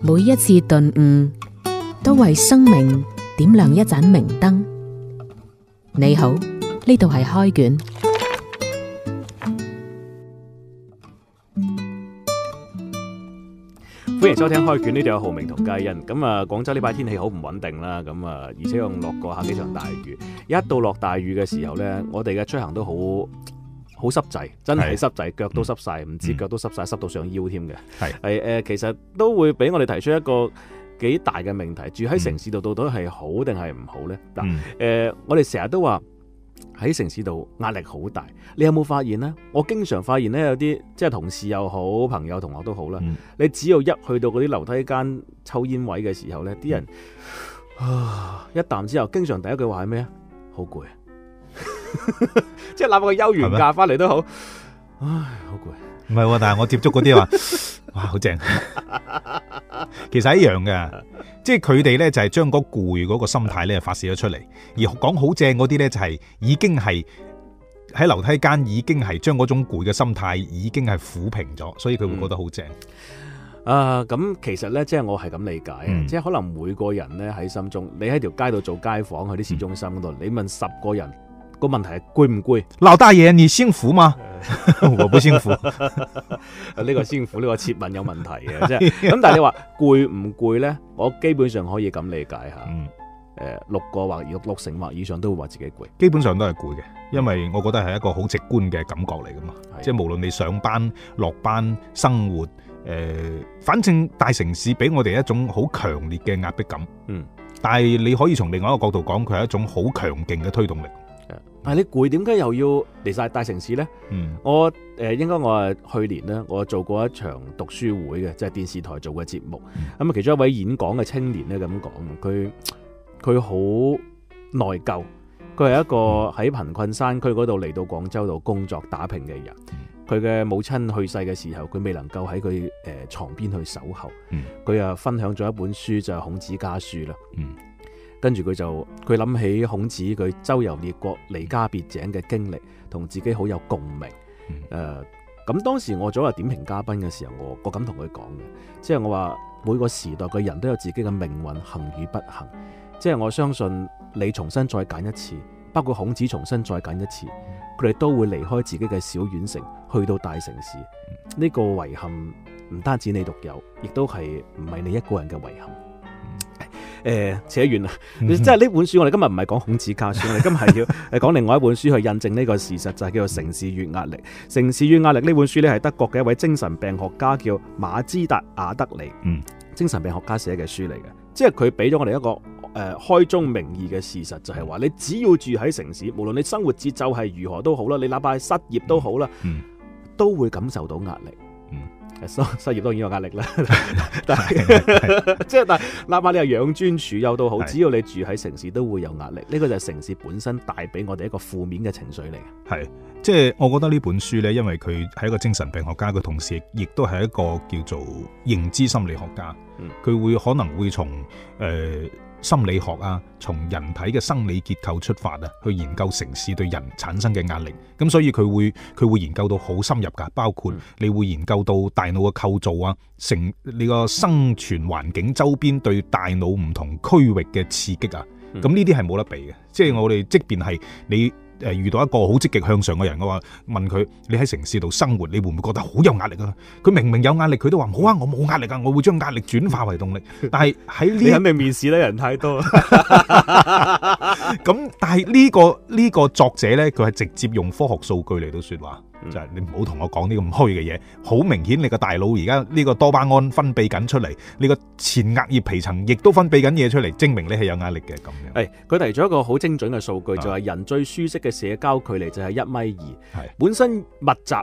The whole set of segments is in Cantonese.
每一次頓悟，都為生命點亮一盞明燈。你好，呢度係開卷，歡迎收聽開卷，呢度有浩明同佳欣。咁啊，廣州呢排天氣好唔穩定啦，咁啊，而且又落過下幾場大雨。一到落大雨嘅時候呢，我哋嘅出行都好。好濕滯，真係濕滯，腳都濕晒，唔、嗯、知腳都濕晒、嗯，濕到上腰添嘅、呃。其實都會俾我哋提出一個幾大嘅命題，住喺城市度到底係好定係唔好呢？嗱、嗯呃，我哋成日都話喺城市度壓力好大。你有冇發現呢？我經常發現呢，有啲即係同事又好，朋友同學都好啦、嗯。你只要一去到嗰啲樓梯間抽煙位嘅時候呢，啲人、嗯、一啖之後，經常第一句話係咩啊？好攰。即係攬個休完假翻嚟都好，唉，好攰。唔係，但係我接觸嗰啲話， 哇，好很正。 其實是一樣嘅， 即係佢哋呢， 就係將嗰攰嗰個心態呢發洩咗出嚟，而講好正嗰啲呢，就係已經係喺樓梯間已經係將嗰種攰嘅心態已經係撫平咗，所以佢會覺得好正。啊、嗯，咁、呃、其實呢，即係我係咁理解，嗯、即係可能每個人呢，喺心中，你喺條街度做街訪，喺啲市中心嗰度、嗯，你問十個人。個問題係攰唔攰？老大爺，你先苦嘛？我唔先苦。呢、這個先苦，呢個設問有問題嘅，真 係。咁但係你話攰唔攰咧？我基本上可以咁理解吓。嗯。誒，六個或六,六成或以上都會話自己攰，基本上都係攰嘅。因為我覺得係一個好直觀嘅感覺嚟，噶嘛。嗯、即係無論你上班、落班、生活，誒、呃，反正大城市俾我哋一種好強烈嘅壓迫感。嗯。但係你可以從另外一個角度講，佢係一種好強勁嘅推動力。係你攰，點解又要嚟曬大城市咧、嗯？我誒應該我去年咧，我做過一場讀書會嘅，即、就、係、是、電視台做嘅節目。咁、嗯嗯、其中一位演講嘅青年咧咁講，佢佢好內疚。佢係一個喺貧困山區嗰度嚟到廣州度工作打拼嘅人。佢、嗯、嘅母親去世嘅時候，佢未能夠喺佢誒牀邊去守候。佢、嗯、啊分享咗一本書，就係、是《孔子家書》啦、嗯。跟住佢就佢諗起孔子佢周遊列國離家別井嘅經歷，同自己好有共鳴。誒、嗯，咁、呃、當時我作為點評嘉賓嘅時候，我我咁同佢講嘅，即係我話每個時代嘅人都有自己嘅命運，幸與不幸。即係我相信你重新再揀一次，包括孔子重新再揀一次，佢哋都會離開自己嘅小縣城去到大城市。呢、嗯這個遺憾唔單止你獨有，亦都係唔係你一個人嘅遺憾。誒、呃，扯完啦、嗯，即係呢本書，我哋今日唔係講孔子家書，我哋今日要誒講另外一本書去印證呢個事實，就係、是、叫做、嗯《城市與壓力》。《城市與壓力》呢本書呢，係德國嘅一位精神病學家叫馬茲達亞德里，嗯，精神病學家寫嘅書嚟嘅，即係佢俾咗我哋一個誒、呃、開宗明義嘅事實，就係、是、話你只要住喺城市，無論你生活節奏係如何都好啦，你哪怕失業都好啦、嗯，都會感受到壓力。嗯失失業當然有壓力啦，但係即係但哪怕你係養尊處優都好，只要你住喺城市都會有壓力，呢個就係城市本身帶俾我哋一個負面嘅情緒嚟。係，即係我覺得呢本書咧，因為佢係一個精神病學家嘅同時亦都係一個叫做認知心理學家，佢會可能會從誒。呃心理學啊，從人體嘅生理結構出發啊，去研究城市對人產生嘅壓力，咁所以佢會佢會研究到好深入㗎，包括你會研究到大腦嘅構造啊，成你個生存環境周邊對大腦唔同區域嘅刺激啊，咁呢啲係冇得比嘅，即係我哋即便係你。誒遇到一個好積極向上嘅人嘅話，問佢你喺城市度生活，你會唔會覺得好有壓力啊？佢明明有壓力，佢都話好啊，我冇壓力啊，我會將壓力轉化為動力。但係喺呢，你肯定面試咧，人太多。咁 但係呢、呢個呢、呢個作者咧，佢係直接用科學數據嚟到説話。就係、是、你唔好同我講啲咁虛嘅嘢，好明顯你個大腦而家呢個多巴胺分泌緊出嚟，你個前額葉皮層亦都分泌緊嘢出嚟，證明你係有壓力嘅咁樣。誒、哎，佢提咗一個好精準嘅數據，是就係、是、人最舒適嘅社交距離就係一米二。本身密集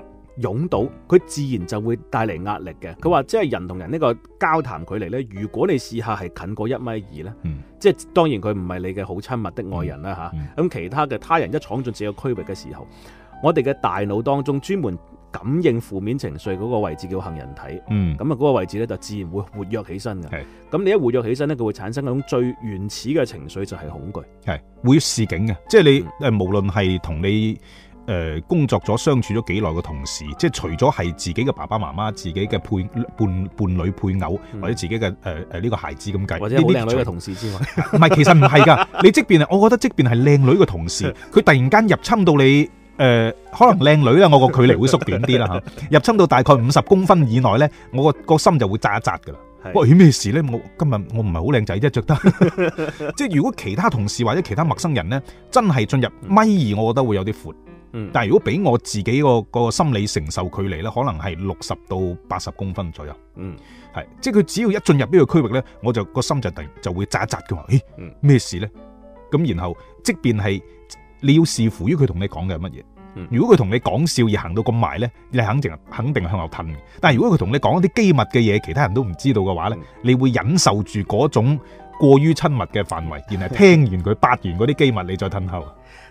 擁堵，佢自然就會帶嚟壓力嘅。佢話即係人同人呢個交談距離呢，如果你試下係近過一米二呢、嗯，即係當然佢唔係你嘅好親密的愛人啦嚇。咁、嗯啊、其他嘅他人一闖進這個區域嘅時候。我哋嘅大腦當中專門感應負面情緒嗰個位置叫杏仁體，嗯，咁啊嗰個位置咧就自然會活躍起身嘅。係，咁你一活躍起身咧，佢會產生一種最原始嘅情緒就係恐懼，係，會示警嘅，即係你誒、嗯，無論係同你誒、呃、工作咗相處咗幾耐嘅同事，即係除咗係自己嘅爸爸媽媽、自己嘅配伴伴侶、伴女配偶、嗯、或者自己嘅誒誒呢個孩子咁計，或者好靚女嘅同事之外，唔係， 其實唔係噶， 你即便，我覺得即便係靚女嘅同事，佢突然間入侵到你。誒、呃，可能靚女咧， 我個距離會縮短啲啦吓，入侵到大概五十公分以內咧，我個個心就會扎一扎噶啦。喂，咩、哎、事咧？我今日我唔係好靚仔啫，着得 即係如果其他同事或者其他陌生人咧，真係進入米二，我覺得會有啲闊、嗯。但係如果俾我自己個、那個心理承受距離咧，可能係六十到八十公分左右。嗯。係，即係佢只要一進入呢個區域咧，我就、那個心就就會扎一扎嘅。誒、哎，咩事咧？咁然後，即便係。你要視乎於佢同你講嘅係乜嘢，如果佢同你講笑而行到咁埋咧，你肯定係肯定向後褪。但係如果佢同你講一啲機密嘅嘢，其他人都唔知道嘅話咧，你會忍受住嗰種過於親密嘅範圍，然後聽完佢八完嗰啲機密，你再褪後。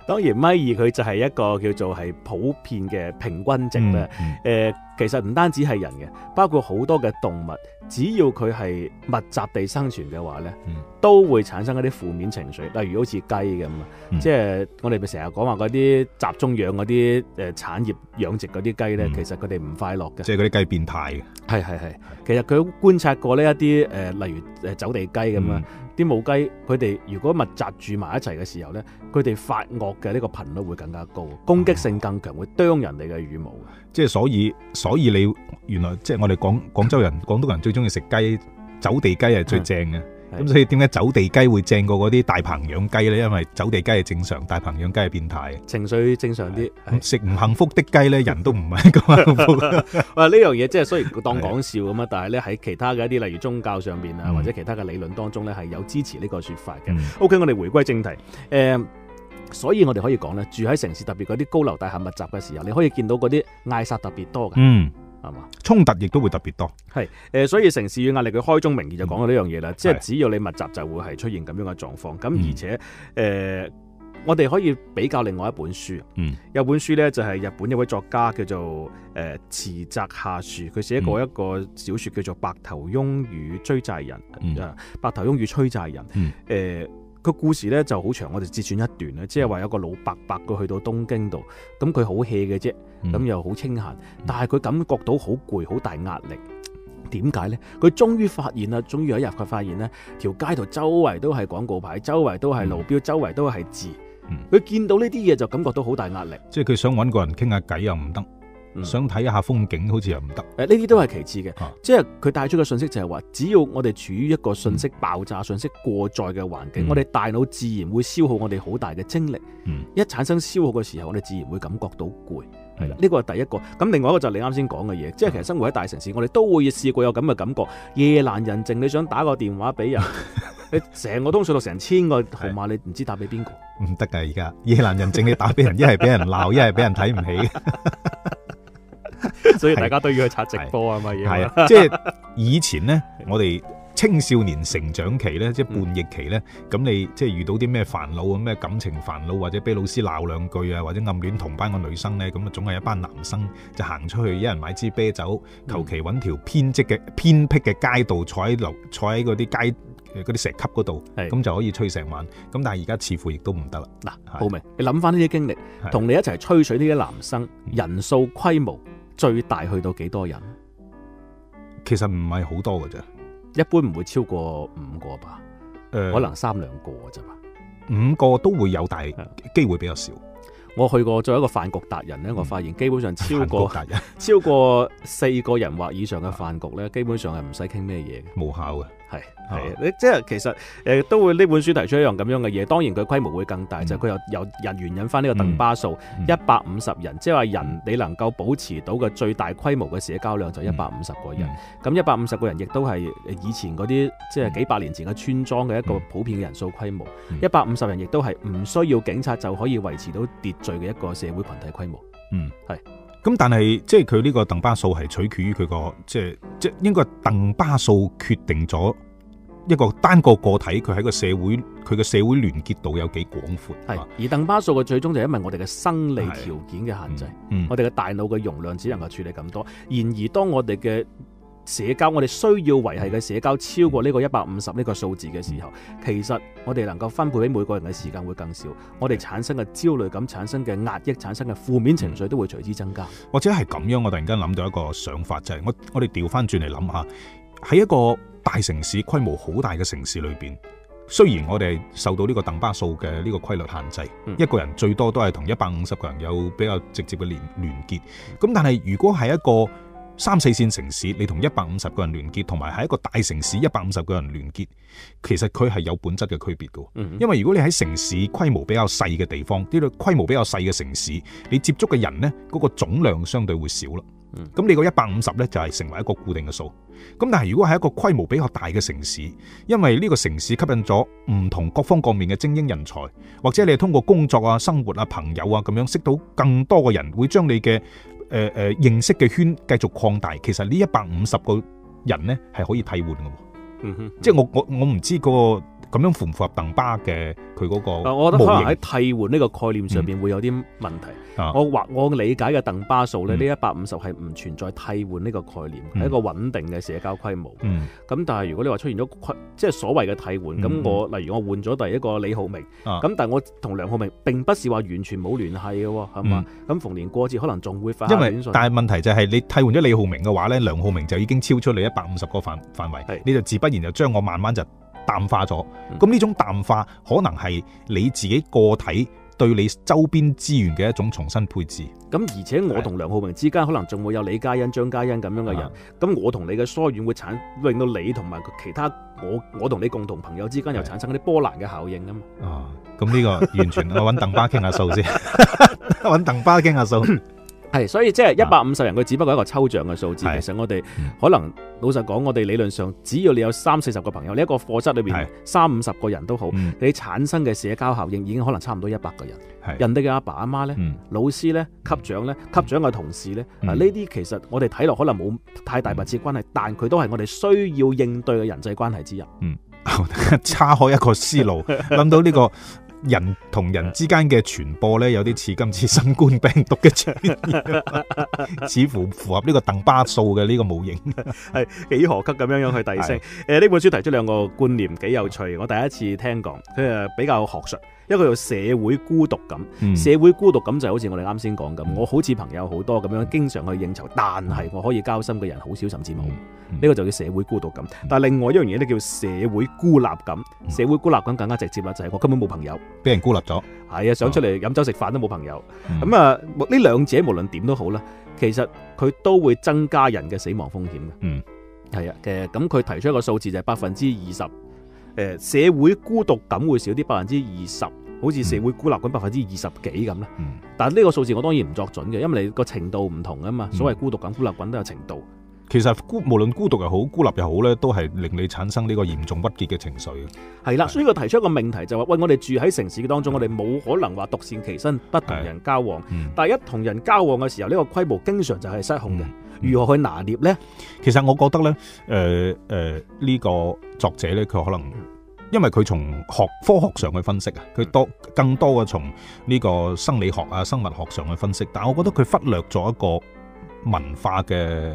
當然，咪二佢就係一個叫做係普遍嘅平均值啦。誒、嗯嗯呃，其實唔單止係人嘅，包括好多嘅動物，只要佢係密集地生存嘅話咧。嗯都會產生一啲負面情緒，例如好似雞咁、嗯，即係我哋咪成日講話嗰啲集中養嗰啲誒產業養殖嗰啲雞咧、嗯，其實佢哋唔快樂嘅，即係嗰啲雞變態嘅，係係係。其實佢觀察過呢一啲誒、呃，例如誒走地雞咁啊，啲、嗯、母雞佢哋如果密集住埋一齊嘅時候咧，佢哋發惡嘅呢個頻率會更加高，攻擊性更強，會啄人哋嘅羽毛即係、嗯就是、所以，所以你原來即係、就是、我哋廣廣州人、 廣東人最中意食雞，走地雞係最正嘅。嗯。咁所以點解走地雞會正過嗰啲大棚養雞咧？因為走地雞係正常，大棚養雞係變態。情緒正常啲，食唔幸福的雞咧， 人都唔係咁幸福啦。呢樣嘢即係雖然當講笑咁啊，但係咧喺其他嘅一啲例如宗教上面啊，或者其他嘅理論當中咧，係有支持呢個説法嘅、嗯。OK，我哋回歸正題。誒、呃，所以我哋可以講咧，住喺城市特別嗰啲高樓大廈密集嘅時候，你可以見到嗰啲嗌殺特別多嘅。嗯。係嘛？衝突亦都會特別多。係誒、呃，所以城市與壓力嘅開宗明義就講到呢樣嘢啦。即係只要你密集，就會係出現咁樣嘅狀況。咁、嗯、而且誒、呃，我哋可以比較另外一本書。嗯，有本書咧就係、是、日本一位作家叫做誒、呃、池澤夏樹，佢寫過一個小説、嗯、叫做《白頭翁與追債人、嗯》白頭翁與催債人》嗯。誒、呃、個故事咧就好長，我哋截選一段啦、嗯。即係話有個老伯伯佢去到東京度，咁佢好 hea 嘅啫。咁、嗯、又好清閒，但係佢感覺到好攰，好大壓力。點解呢？佢終於發現啦，終於有一日佢發現呢條街度周圍都係廣告牌，周圍都係路標、嗯，周圍都係字。佢、嗯、見到呢啲嘢就感覺到好大壓力。即係佢想揾個人傾下偈又唔得，想睇一下風景好似又唔得。呢、嗯、啲都係其次嘅、啊。即係佢帶出嘅信息就係話，只要我哋處於一個信息、嗯、爆炸、信息過載嘅環境，嗯、我哋大腦自然會消耗我哋好大嘅精力、嗯。一產生消耗嘅時候，我哋自然會感覺到攰。係啦，呢個係第一個，咁另外一個就係你啱先講嘅嘢，即係其實生活喺大城市，我哋都會試過有咁嘅感覺，夜闌人靜，你想打個電話俾人，你 成個通訊錄成千個號碼，你唔知打俾邊個，唔得㗎，而家夜闌人靜，你打俾人，一係俾人鬧，一係俾人睇唔起， 所以大家都要去刷直播啊嘛，係啊， 即係以前咧， 我哋。青少年成長期呢，即係叛逆期呢，咁、嗯、你即係遇到啲咩煩惱啊？咩感情煩惱，或者俾老師鬧兩句啊，或者暗戀同班個女生呢，咁啊，總係一班男生就行出去，一人買支啤酒，求其揾條偏僻嘅偏僻嘅街道坐喺樓，坐喺嗰啲街啲石級嗰度，咁就可以吹成晚。咁但係而家似乎亦都唔得啦。嗱、啊，好明，你諗翻呢啲經歷，同你一齊吹水呢啲男生人數規模最大去到幾多人？其實唔係好多嘅咋。一般唔會超過五個吧，誒、呃，可能三兩個咋嘛，五個都會有大，但係機會比較少。我去過作為一個飯局達人咧，我發現、嗯、基本上超過達人超過四個人或以上嘅飯局咧， 基本上係唔使傾咩嘢嘅，無效嘅。係係即係其實誒、呃、都會呢本書提出一樣咁樣嘅嘢，當然佢規模會更大，嗯、就係、是、佢又由人援引翻呢個鄧巴數一百五十人，即係話人你能夠保持到嘅最大規模嘅社交量就一百五十個人。咁一百五十個人亦都係以前嗰啲即係幾百年前嘅村莊嘅一個普遍嘅人數規模。一百五十人亦都係唔需要警察就可以維持到秩序嘅一個社會群體規模。嗯，係。咁但係即係佢呢個鄧巴數係取決於佢個即係即係應該鄧巴數決定咗一個單個個體佢喺個社會佢嘅社會聯結度有幾廣闊，係而鄧巴數嘅最終就係因為我哋嘅生理條件嘅限制，嗯嗯、我哋嘅大腦嘅容量只能夠處理咁多。然而當我哋嘅社交我哋需要維繫嘅社交超過呢個一百五十呢個數字嘅時候，嗯，其實我哋能夠分配俾每個人嘅時間會更少，嗯、我哋產生嘅焦慮感、產生嘅壓抑、產生嘅負面情緒都會隨之增加。嗯、或者係咁樣，我突然間諗到一個想法，就係、是、我我哋調翻轉嚟諗下，喺一個大城市規模好大嘅城市裏邊，雖然我哋受到呢個鄧巴數嘅呢個規律限制、嗯，一個人最多都係同一百五十個人有比較直接嘅連連結，咁但係如果係一個。三四線城市，你同一百五十個人聯結，同埋喺一個大城市一百五十個人聯結，其實佢係有本質嘅區別嘅。因為如果你喺城市規模比較細嘅地方，啲規模比較細嘅城市，你接觸嘅人呢，嗰個總量相對會少啦。咁你個一百五十呢，就係成為一個固定嘅數。咁但係如果係一個規模比較大嘅城市，因為呢個城市吸引咗唔同各方各面嘅精英人才，或者你係通過工作啊、生活啊、朋友啊咁樣識到更多嘅人，會將你嘅誒、呃、誒，認識嘅圈繼續擴大，其實呢一百五十個人咧係可以替換嘅喎、嗯嗯，即係我我我唔知嗰、那個。咁樣符唔符合鄧巴嘅佢嗰個？我覺得可能喺替換呢個概念上邊會有啲問題。我話我理解嘅鄧巴數咧，呢一百五十係唔存在替換呢個概念，係一個穩定嘅社交規模。咁但係如果你話出現咗即係所謂嘅替換，咁我例如我換咗第一個李浩明，咁但係我同梁浩明並不是話完全冇聯繫嘅，係嘛？咁逢年過節可能仲會發下短信。因為但係問題就係你替換咗李浩明嘅話咧，梁浩明就已經超出你一百五十個範範圍，你就自不然就將我慢慢就。淡化咗，咁呢種淡化可能係你自己個體對你周邊資源嘅一種重新配置。咁、嗯、而且我同梁浩明之間可能仲會有李嘉欣、張嘉欣咁樣嘅人，咁、嗯、我同你嘅疏遠會產令到你同埋其他我我同你共同朋友之間又產生啲波瀾嘅效應啊嘛。哦、嗯，咁、嗯、呢、嗯這個完全 我揾鄧巴傾下數先，揾鄧巴傾下數。係，所以即係一百五十人，佢只不過係一個抽象嘅數字啊。其實我哋可能、嗯、老實講，我哋理論上，只要你有三四十個朋友，你、這、一個課室裏邊三五十個人都好，嗯、你產生嘅社交效應已經可能差唔多一百個人。嗯、人哋嘅阿爸阿媽呢、嗯，老師呢，級長呢，嗯、級長嘅同事呢，嗱呢啲其實我哋睇落可能冇太大密切關係、嗯，但佢都係我哋需要應對嘅人際關係之一。嗯，岔 開一個思路，諗 到呢、這個。人同人之間嘅傳播咧，有啲似今次新冠病毒嘅， 似乎符合呢個鄧巴數嘅呢個模型，係 幾何級咁樣樣去遞升。誒，呢、呃、本書提出兩個觀念幾有趣，我第一次聽講，佢比較學術。一個叫社會孤獨感，社會孤獨感就好似我哋啱先講咁，我好似朋友好多咁樣，經常去應酬，但係我可以交心嘅人好少，甚至冇，呢、嗯這個就叫社會孤獨感。嗯、但係另外一樣嘢咧叫社會孤立感，嗯，社會孤立感更加直接啦，就係、是、我根本冇朋友，俾人孤立咗，係啊，想出嚟飲酒食飯都冇朋友。咁、嗯、啊，呢兩者無論點都好啦，其實佢都會增加人嘅死亡風險嘅。嗯，係啊，嘅咁佢提出一個數字就係百分之二十，誒，社會孤獨感會少啲百分之二十。好似社會孤立感百分之二十幾咁啦、嗯。但係呢個數字我當然唔作準嘅，因為你個程度唔同啊嘛。所謂孤獨感、孤立感都有程度。其實無論孤無論孤獨又好、孤立又好咧，都係令你產生呢個嚴重鬱結嘅情緒嘅。係啦，所以佢提出一個命題就話：喂，我哋住喺城市嘅當中，我哋冇可能話獨善其身，不同人交往。嗯、但係一同人交往嘅時候，呢、這個規模經常就係失控嘅、嗯嗯。如何去拿捏咧？其實我覺得咧，誒誒呢個作者咧，佢可能。因為佢從學科學上去分析啊，佢多更多嘅從呢個生理學啊、生物學上去分析，但係我覺得佢忽略咗一個文化嘅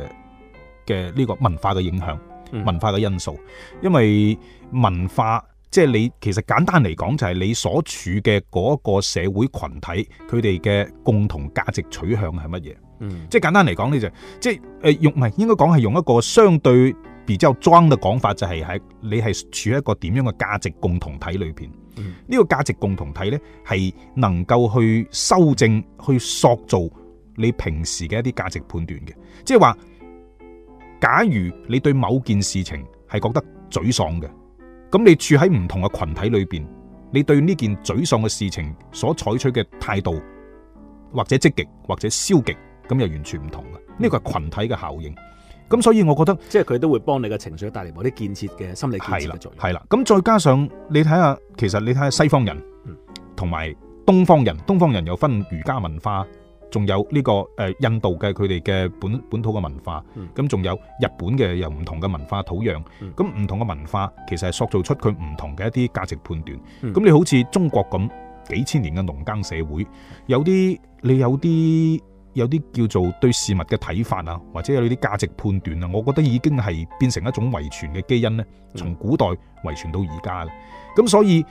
嘅呢個文化嘅影響、文化嘅因素，因為文化即係你其實簡單嚟講就係你所處嘅嗰個社會羣體佢哋嘅共同價值取向係乜嘢？嗯，即係簡單嚟講呢就即係誒用唔係應該講係用一個相對。然之後，裝嘅講法就係喺你係處喺一個點樣嘅價值共同體裏邊，呢個價值共同體呢，係能夠去修正、去塑造你平時嘅一啲價值判斷嘅。即係話，假如你對某件事情係覺得沮喪嘅，咁你處喺唔同嘅群體裏邊，你對呢件沮喪嘅事情所採取嘅態度，或者積極，或者消極，咁又完全唔同嘅。呢個係群體嘅效應。咁所以，我覺得即係佢都會幫你嘅情緒帶嚟某啲建設嘅心理建設嘅作用。係啦，係啦，咁再加上你睇下，其實你睇下西方人，同、嗯、埋東方人，東方人又分儒家文化，仲有呢、這個誒、呃、印度嘅佢哋嘅本本土嘅文化，咁、嗯、仲有日本嘅又唔同嘅文化土壤，咁、嗯、唔同嘅文化其實係塑造出佢唔同嘅一啲價值判斷。咁、嗯、你好似中國咁幾千年嘅農耕社會，有啲你有啲。有啲叫做對事物嘅睇法啊，或者有啲價值判斷啊，我覺得已經係變成一種遺傳嘅基因咧，從古代遺傳到而家。咁所以，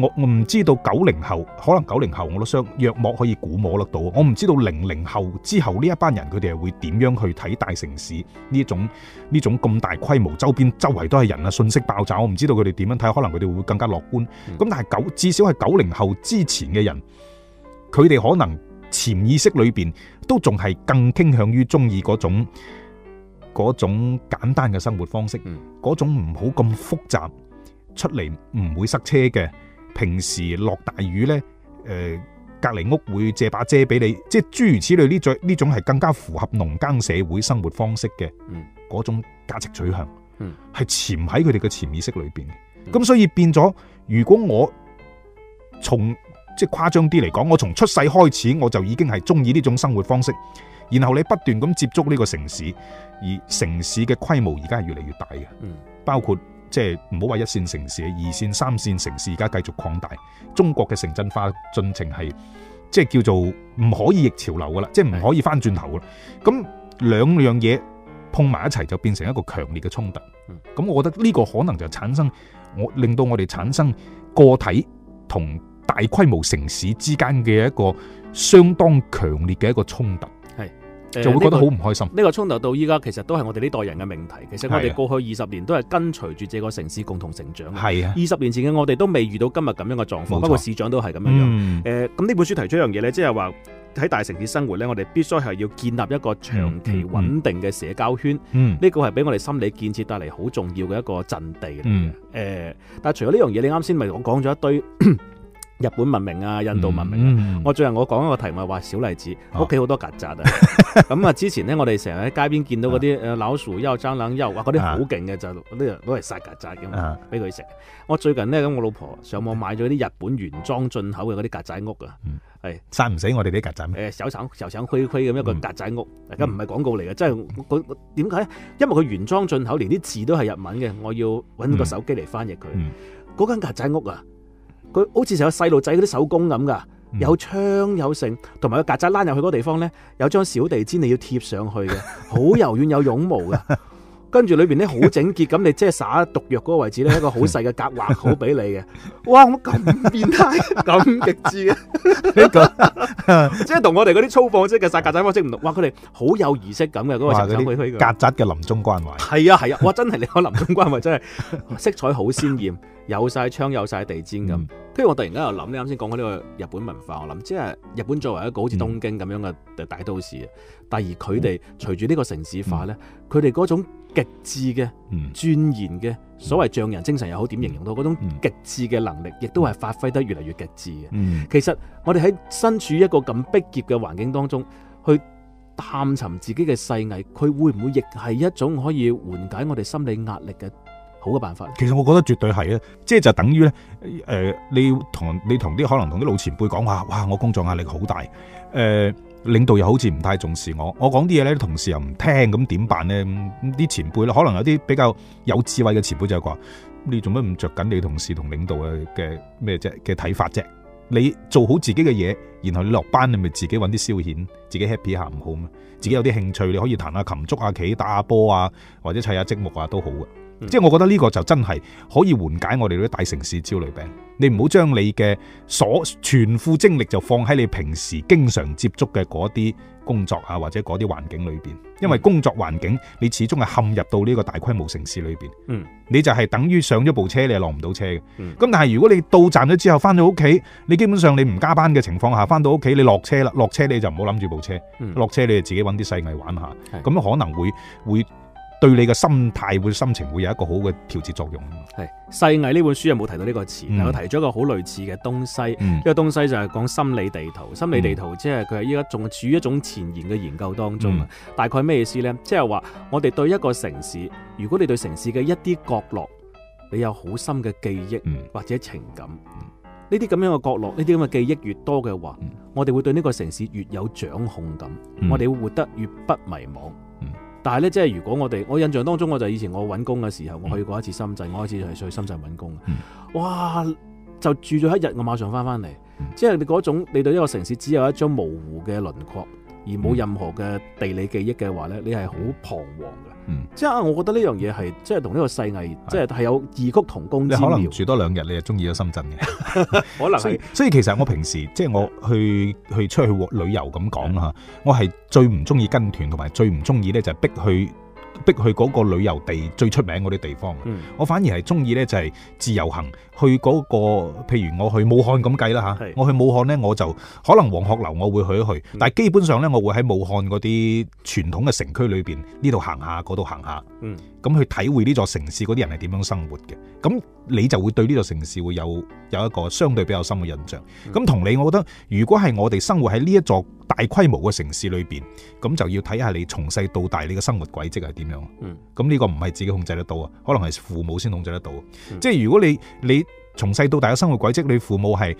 我我唔知道九零後，可能九零後我都相約莫可以估摸得到。我唔知道零零後之後呢一班人佢哋係會點樣去睇大城市呢種呢種咁大規模周邊周圍都係人啊，信息爆炸，我唔知道佢哋點樣睇，可能佢哋會更加樂觀。咁但係九至少係九零後之前嘅人，佢哋可能。潛意識裏邊都仲係更傾向於中意嗰種嗰種簡單嘅生活方式，嗰、嗯、種唔好咁複雜，出嚟唔會塞車嘅，平時落大雨呢，誒、呃，隔籬屋會借把遮俾你，即係諸如此類呢種呢種係更加符合農耕社會生活方式嘅嗰、嗯、種價值取向，係潛喺佢哋嘅潛意識裏邊。咁、嗯、所以變咗，如果我從即係誇張啲嚟講，我從出世開始我就已經係中意呢種生活方式。然後你不斷咁接觸呢個城市，而城市嘅規模而家係越嚟越大嘅、嗯，包括即係唔好話一線城市，二線、三線城市而家繼續擴大。中國嘅城鎮化進程係即係叫做唔可以逆潮流噶啦，即係唔可以翻轉頭噶啦。咁、嗯、兩樣嘢碰埋一齊就變成一個強烈嘅衝突。咁、嗯、我覺得呢個可能就產生我令到我哋產生個體同。大規模城市之間嘅一個相當強烈嘅一個衝突，係、呃、就會覺得好唔開心。呢、呢個衝、呢個、突到依家其實都係我哋呢代人嘅命題。其實我哋過去二十年都係跟隨住這個城市共同成長嘅。係啊，二十年前嘅我哋都未遇到今日咁樣嘅狀況。不過市長都係咁樣。誒、嗯，咁、呃、呢本書提出一樣嘢咧，即係話喺大城市生活咧，我哋必須係要建立一個長期穩定嘅社交圈。呢、嗯嗯，呢個係俾我哋心理建設帶嚟好重要嘅一個陣地。誒、嗯、呃，但係除咗呢樣嘢，你啱先咪我講咗一堆。日本文明啊，印度文明、啊嗯嗯、我最近我講一個題目，話小例子，屋企好多曱甴啊，咁 啊之前咧，我哋成日喺街邊見到嗰啲誒老鼠，又爭冷，又話嗰啲好勁嘅就殺，呢攞嚟殺曱甴嘅，俾佢食。我最近咧，咁我老婆上網買咗啲日本原裝進口嘅嗰啲曱甴屋啊，係殺唔死我哋啲曱甴。誒，手生灰灰咁一個曱甴屋，而家唔係廣告嚟嘅，真係，我點解咧？因為佢原裝進口，連啲字都係日文嘅，我要搵個手機嚟翻譯佢。嗰間曱甴屋啊！佢好似成個細路仔嗰啲手工咁㗎，有槍有剩，同埋個曱甴攆入去嗰個地方咧，有張小地氈你要貼上去嘅，好柔軟有絨毛㗎。 跟住裏邊咧好整潔咁，你即係撒毒藥嗰個位置咧，一個好細嘅格劃好俾你嘅。哇！咁變態，咁極致嘅， 即係同我哋嗰啲粗放式嘅殺曱甴方式唔同。哇！佢哋好有儀式感嘅嗰個場景，曱甴嘅臨終關懷。係啊係啊！哇，真係你講臨終關懷 真係色彩好鮮艷，有晒槍有晒地氈咁。跟住、嗯、我突然間又諗，你啱先講嗰呢個日本文化，我諗即係日本作為一個好似東京咁樣嘅大都市，嗯、但係而佢哋隨住呢個城市化咧，佢哋嗰種。極致嘅鑽研嘅所謂匠人精神又好，點形容到嗰種極致嘅能力，嗯、亦都係發揮得越嚟越極致嘅、嗯。其實我哋喺身處一個咁逼仄嘅環境當中，去探尋自己嘅細藝，佢會唔會亦係一種可以緩解我哋心理壓力嘅好嘅辦法？其實我覺得絕對係啊，即係就是、等於咧，誒、呃，你同你同啲可能同啲老前輩講話，哇，我工作壓力好大，誒、呃。領導又好似唔太重視我，我講啲嘢咧，啲同事又唔聽，咁點辦咧？啲前輩咧，可能有啲比較有智慧嘅前輩就係話：你做乜唔着緊你同事同領導嘅嘅咩啫嘅睇法啫？你做好自己嘅嘢，然後你落班你咪自己搵啲消遣，自己 happy 下唔好咩？自己有啲興趣，你可以彈下、啊、琴、啊、捉下棋、打下、啊、波啊，或者砌下、啊、積木啊，都好嘅。即係我覺得呢個就真係可以緩解我哋啲大城市的焦慮病。你唔好將你嘅所全副精力就放喺你平時經常接觸嘅嗰啲工作啊，或者嗰啲環境裏面。因為工作環境你始終係陷入到呢個大規模城市裏面，嗯，你就係等於上咗部車，你不了車，你係落唔到車嘅。咁但係如果你到站咗之後，翻到屋企，你基本上你唔加班嘅情況下，回下，翻到屋企你落車啦，落車你就唔好諗住部車，落車你就自己揾啲細藝玩下。咁、嗯、可能會。會對你嘅心態會、心情會有一個好嘅調節作用。係《世藝》呢本書有冇提到呢個詞？嗯、我提咗一個好類似嘅東西。呢、嗯呢個東西就係講心理地圖。嗯、心理地圖即係佢依家仲處於一種前沿嘅研究當中啊、嗯。大概咩意思呢？即係話我哋對一個城市，如果你對城市嘅一啲角落你有好深嘅記憶，或者情感，呢啲咁樣嘅角落，呢啲咁嘅記憶越多嘅話，嗯、我哋會對呢個城市越有掌控感，嗯、我哋會活得越不迷惘。但係咧，即係如果我哋，我印象當中，我就以前我揾工嘅時候，我去過一次深圳，我開始就係去深圳揾工、嗯。哇！就住咗一日，我馬上翻翻嚟。即係你嗰種，你對一個城市只有一張模糊嘅輪廓，而冇任何嘅地理記憶嘅話咧、嗯，你係好彷徨嘅。嗯，即係我覺得呢樣嘢係，即係同呢個世藝，即係係有異曲同工之妙，你可能住多兩日，你就中意咗深圳嘅 可能是 所，所以其實我平時即係、就是、我去去出去旅遊咁講吓，我係最唔中意跟團，同埋最唔中意咧就係逼去逼去嗰個旅遊地最出名嗰啲地方、嗯。我反而係中意咧就係自由行。去嗰，那個，譬如我去武漢咁計啦嚇，我去武漢咧我就可能黃鶴樓我會去一去，但係基本上咧，我會喺武漢嗰啲傳統嘅城區裏邊呢度行下，嗰度行下，咁、嗯、去體會呢座城市嗰啲人係點樣生活嘅，咁你就會對呢座城市會有有一個相對比較深嘅印象。咁同你，我覺得如果係我哋生活喺呢一座大規模嘅城市裏邊，咁就要睇下你從細到大你嘅生活軌跡係點樣。咁、嗯、呢個唔係自己控制得到啊，可能係父母先控制得到。嗯、即係如果你你。從細到大嘅生活軌跡，你父母係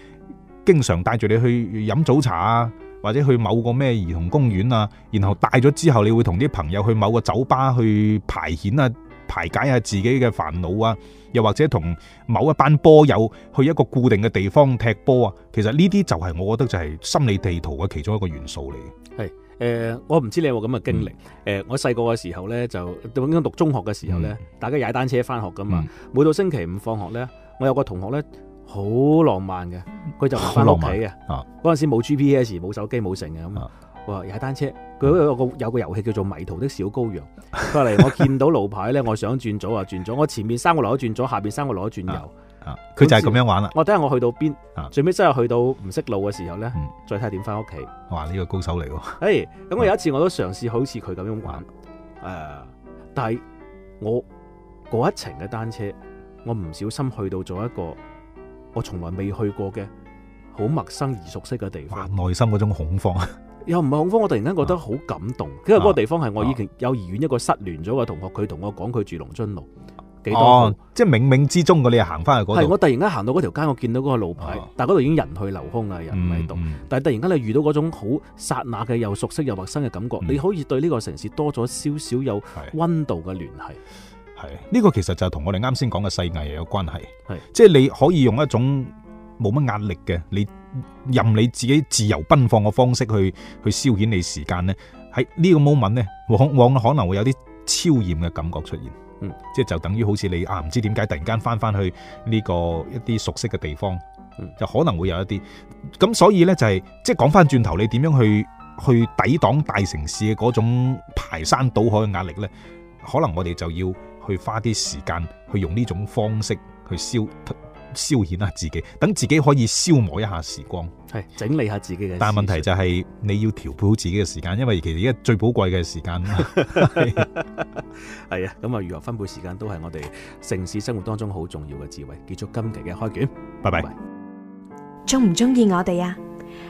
經常帶住你去飲早茶啊，或者去某個咩兒童公園啊，然後帶咗之後，你會同啲朋友去某個酒吧去排遣啊、排解下自己嘅煩惱啊，又或者同某一班波友去一個固定嘅地方踢波啊。其實呢啲就係我覺得就係心理地圖嘅其中一個元素嚟。係誒、呃，我唔知你有冇咁嘅經歷？誒、嗯呃，我細個嘅時候呢，就應該讀中學嘅時候呢、嗯，大家踩單車翻學噶嘛、嗯，每到星期五放學呢。我有個同學咧，好浪漫嘅，佢就翻屋企嘅。嗰陣、啊、時冇 G P S、冇手機、冇成嘅咁。哇、啊！又踩單車，佢有個、嗯、有個遊戲叫做《迷途的小羔羊》嗯。佢嚟我見到路牌咧， 我想轉左啊，轉左。我前面三個路口轉左，下邊三個路口轉右。佢、啊啊、就係咁樣玩啦、啊。我睇下我去到邊、啊，最尾真係去到唔識路嘅時候咧、嗯，再睇下點翻屋企。哇！呢個高手嚟㗎。誒，咁我有一次我都嘗試好似佢咁樣玩，誒、啊啊呃，但係我嗰一程嘅單車。我唔小心去到咗一個我從來未去過嘅好陌生而熟悉嘅地方。內心嗰種恐慌，又唔係恐慌，我突然間覺得好感動。因為嗰個地方係我以前幼兒園一個失聯咗嘅同學，佢同我講佢住龍津路。幾多、啊？即係冥冥之中嗰啲你行翻去嗰度。係我突然間行到嗰條街，我見到嗰個路牌，但嗰度已經人去樓空啦，人唔喺度。但係突然間你遇到嗰種好剎那嘅又熟悉又陌生嘅感覺，你可以對呢個城市多咗少少有溫度嘅聯繫。呢、呢個其實就係同我哋啱先講嘅世藝有關係，係，即係你可以用一種冇乜壓力嘅，你任你自己自由奔放嘅方式去去消遣你時間呢，喺呢個 moment 呢，往往可能會有啲超驗嘅感覺出現，嗯，即係就等於好似你啊唔知，點解突然間翻翻去呢個一啲熟悉嘅地方，就可能會有一啲，咁所以呢，就係即係講翻轉頭，你點樣去去抵擋大城市嘅嗰種排山倒海嘅壓力呢？可能我哋就要。去花啲時間去用呢種方式去消消遣下自己，等自己可以消磨一下時光，係整理下自己嘅。但係問題就係你要調配好自己嘅時間，因為其實而家最寶貴嘅時間係啊。咁 是 啊，如何分配時間都係我哋城市生活當中好重要嘅智慧。結束今期嘅開卷，拜拜。中唔中意我哋啊？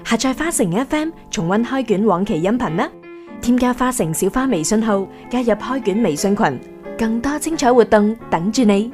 下載花城 FM 重溫開卷往期音頻啦！添加花城小花微信號，加入開卷微信群。更多精彩活動等住你。